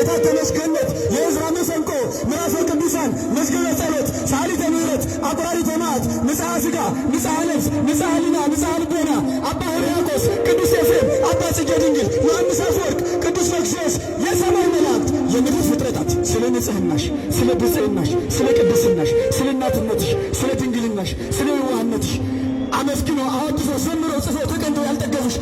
የታተመች ገነት፣ የዕዝራ መሰንቆ፣ ምዕራፈ ቅዱሳን፣ መዝገበ ጸሎት፣ ሰዓሊተ ምሕረት፣ አቁራሪተ መዓት፣ ንጽሐ ሥጋ፣ ንጽሐ ነፍስ፣ ንጽሐ ሊና፣ ንጽሐ ልቦና፣ አባ ሕርያቆስ፣ ቅዱስ ኤፍሬም፣ አባ ጽጌ ድንግል፣ ዮሐንስ አፈወርቅ፣ ቅዱስ መክስዮስ፣ የሰማይ መላእክት፣ የምድር ፍጥረታት ስለ ንጽሕናሽ፣ ስለ ብጽዕናሽ፣ ስለ ቅድስናሽ፣ ስለ እናትነትሽ፣ ስለ ድንግልናሽ፣ ስለ የዋህነትሽ አመስግኖ አወድሶ ዘምሮ ጽፎ ተቀንቶ ያልጠገፉሽ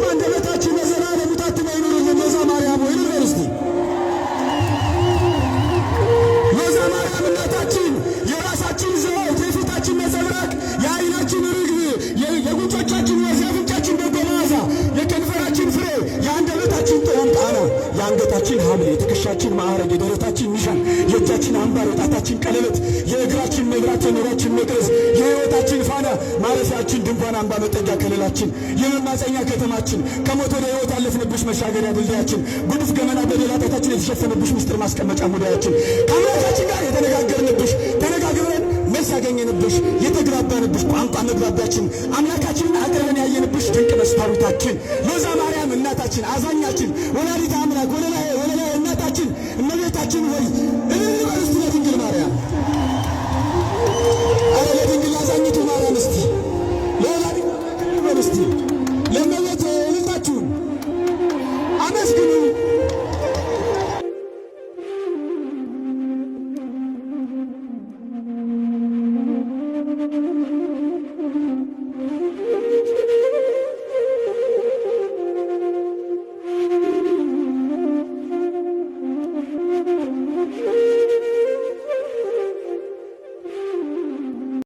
ልጆች አንደበታችን ለዘላለም ታትሞ ይኑርልን። ሎዛ ማርያም ወይ ዩኒቨርሲቲ ሎዛ ማርያም እናታችን የራሳችን ዘወት የፊታችን ነጸብራቅ የአይናችን ርግብ የጉንጮቻችን ወዝ የአፍንጫችን በጎ መዓዛ የከንፈራችን ፍሬ የአንደበታችን ጥዑም ቃና የአንገታችን ሐብል የትከሻችን ማዕረግ የደረታችን ሚሻን የእጃችን አምባር የጣታችን ቀለበት የእግራችን መብራት፣ የኖራችን መቅረስ፣ የህይወታችን ፋና ማረፊያችን፣ ድንኳን፣ አምባ መጠጊያ፣ ከለላችን፣ የመማፀኛ ከተማችን፣ ከሞት ወደ ሕይወት ያለፍንብሽ መሻገሪያ ድልድያችን፣ ጉዱፍ ገመና በሌላ ጣታችን የተሸፈነብሽ ምስጢር ማስቀመጫ ሙዳያችን፣ ከአምላካችን ጋር የተነጋገርንብሽ ተነጋግረን መልስ ያገኘንብሽ የተግባባንብሽ ቋንቋ መግባቢያችን፣ አምላካችንን አቅርበን ያየንብሽ ድንቅ መስታወታችን፣ ሎዛ ማርያም እናታችን፣ አዛኛችን፣ ወላዲተ አምላክ ወለላ እናታችን እመቤታችን ወይ